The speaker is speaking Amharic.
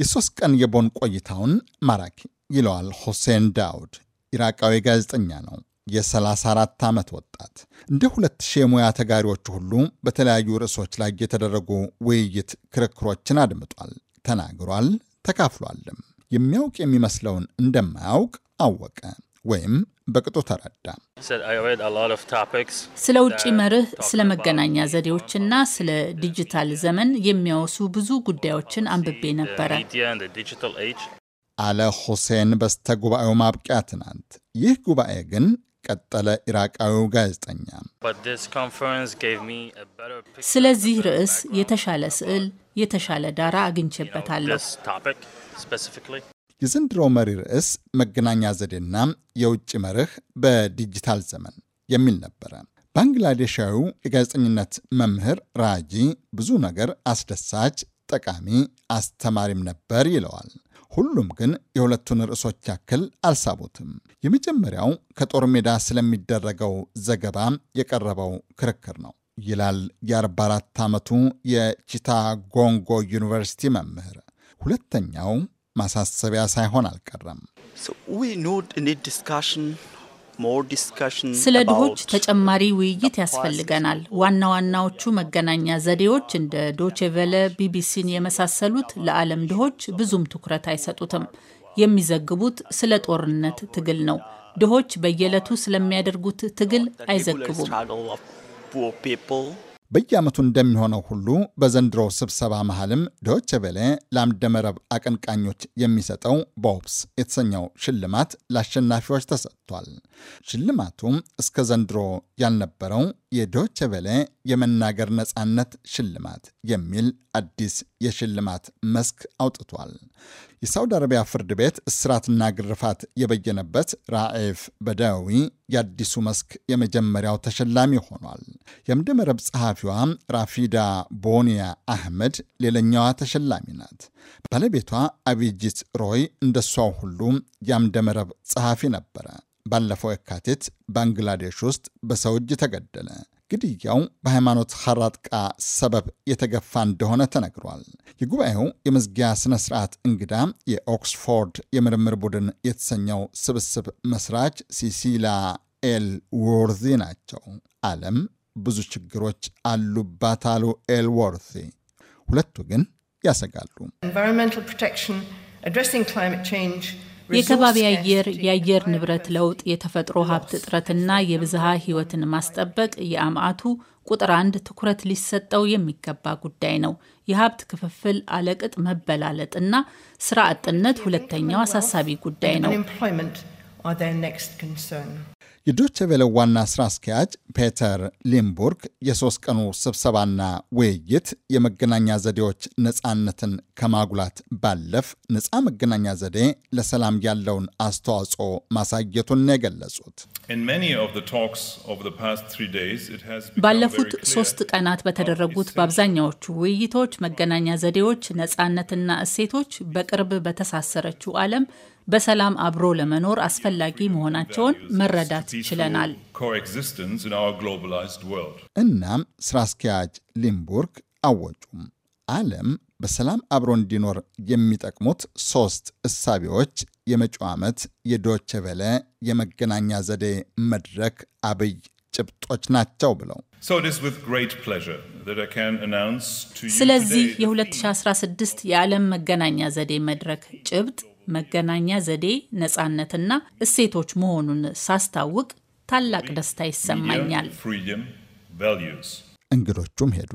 የሶስት ቀን የቦን ቆይታውን ማራኪ ይለዋል ሁሴን ዳውድ። ኢራቃዊ ጋዜጠኛ ነው። የ34 ዓመት ወጣት እንደ 2000 የሙያ ተጋሪዎቹ ሁሉ በተለያዩ ርዕሶች ላይ የተደረጉ ውይይት ክርክሮችን አድምጧል፣ ተናግሯል፣ ተካፍሏልም። የሚያውቅ የሚመስለውን እንደማያውቅ አወቀ። ወይም በቅጡ ተረዳ። ስለ ውጭ መርህ፣ ስለ መገናኛ ዘዴዎችና ስለ ዲጂታል ዘመን የሚያወሱ ብዙ ጉዳዮችን አንብቤ ነበረ አለ ሁሴን በስተጉባኤው ማብቂያ ትናንት። ይህ ጉባኤ ግን ቀጠለ ኢራቃዊው ጋዜጠኛ፣ ስለዚህ ርዕስ የተሻለ ስዕል፣ የተሻለ ዳራ አግኝቼበታለሁ። የዘንድሮ መሪ ርዕስ መገናኛ ዘዴና የውጭ መርህ በዲጂታል ዘመን የሚል ነበረ። ባንግላዴሻዊው የጋዜጠኝነት መምህር ራጂ ብዙ ነገር አስደሳች፣ ጠቃሚ፣ አስተማሪም ነበር ይለዋል። ሁሉም ግን የሁለቱን ርዕሶች ያክል አልሳቡትም። የመጀመሪያው ከጦር ሜዳ ስለሚደረገው ዘገባ የቀረበው ክርክር ነው ይላል የ44 ዓመቱ የቺታ ጎንጎ ዩኒቨርሲቲ መምህር። ሁለተኛው ማሳሰቢያ ሳይሆን አልቀረም። ስለ ድሆች ተጨማሪ ውይይት ያስፈልገናል። ዋና ዋናዎቹ መገናኛ ዘዴዎች እንደ ዶቼቨለ ቢቢሲን የመሳሰሉት ለዓለም ድሆች ብዙም ትኩረት አይሰጡትም። የሚዘግቡት ስለ ጦርነት ትግል ነው። ድሆች በየዕለቱ ስለሚያደርጉት ትግል አይዘግቡም። በየዓመቱ እንደሚሆነው ሁሉ በዘንድሮ ስብሰባ መሃልም ዶቼ ቬለ ለአምደመረብ አቀንቃኞች የሚሰጠው ቦብስ የተሰኘው ሽልማት ለአሸናፊዎች ተሰጥቷል። ሽልማቱም እስከ ዘንድሮ ያልነበረው የዶቼ ቬለ የመናገር ነፃነት ሽልማት የሚል አዲስ የሽልማት መስክ አውጥቷል። የሳውዲ አረቢያ ፍርድ ቤት እስራትና ግርፋት የበየነበት ራኤፍ በዳዊ የአዲሱ መስክ የመጀመሪያው ተሸላሚ ሆኗል። የምደመረብ ጸሐፊዋ ራፊዳ ቦኒያ አህመድ ሌላኛዋ ተሸላሚ ናት። ባለቤቷ አቢጂት ሮይ እንደሷው ሁሉ የአምደመረብ ጸሐፊ ነበረ። ባለፈው የካቲት ባንግላዴሽ ውስጥ በሰው እጅ ተገደለ። ግድያው በሃይማኖት ሐራጥቃ ሰበብ የተገፋ እንደሆነ ተነግሯል። የጉባኤው የመዝጊያ ስነ ስርዓት እንግዳ የኦክስፎርድ የምርምር ቡድን የተሰኘው ስብስብ መስራች ሲሲላ ኤል ዎርዚ ናቸው። ዓለም ብዙ ችግሮች አሉባት አሉ ኤል ዎርዚ። ሁለቱ ግን ያሰጋሉ። የከባቢ አየር፣ የአየር ንብረት ለውጥ፣ የተፈጥሮ ሀብት እጥረትና የብዝሃ ህይወትን ማስጠበቅ የአምአቱ ቁጥር አንድ ትኩረት ሊሰጠው የሚገባ ጉዳይ ነው። የሀብት ክፍፍል አለቅጥ መበላለጥና ስራ አጥነት ሁለተኛው አሳሳቢ ጉዳይ ነው። የዶቼ ቬለ ዋና ስራ አስኪያጅ ፔተር ሊምቡርግ የሶስት ቀኑ ስብሰባና ውይይት የመገናኛ ዘዴዎች ነፃነትን ከማጉላት ባለፍ ነፃ መገናኛ ዘዴ ለሰላም ያለውን አስተዋጽኦ ማሳየቱን ነው የገለጹት። ባለፉት ሶስት ቀናት በተደረጉት በአብዛኛዎቹ ውይይቶች መገናኛ ዘዴዎች ነፃነትና እሴቶች በቅርብ በተሳሰረችው ዓለም በሰላም አብሮ ለመኖር አስፈላጊ መሆናቸውን መረዳት ችለናል። እናም ስራ አስኪያጅ ሊምቡርግ አወጩም ዓለም በሰላም አብሮ እንዲኖር የሚጠቅሙት ሶስት እሳቢዎች የመጪው ዓመት የዶቸቨለ የመገናኛ ዘዴ መድረክ አብይ ጭብጦች ናቸው ብለው ስለዚህ የ2016 የዓለም መገናኛ ዘዴ መድረክ ጭብጥ መገናኛ ዘዴ ነጻነትና እሴቶች መሆኑን ሳስታውቅ ታላቅ ደስታ ይሰማኛል። እንግዶቹም ሄዱ።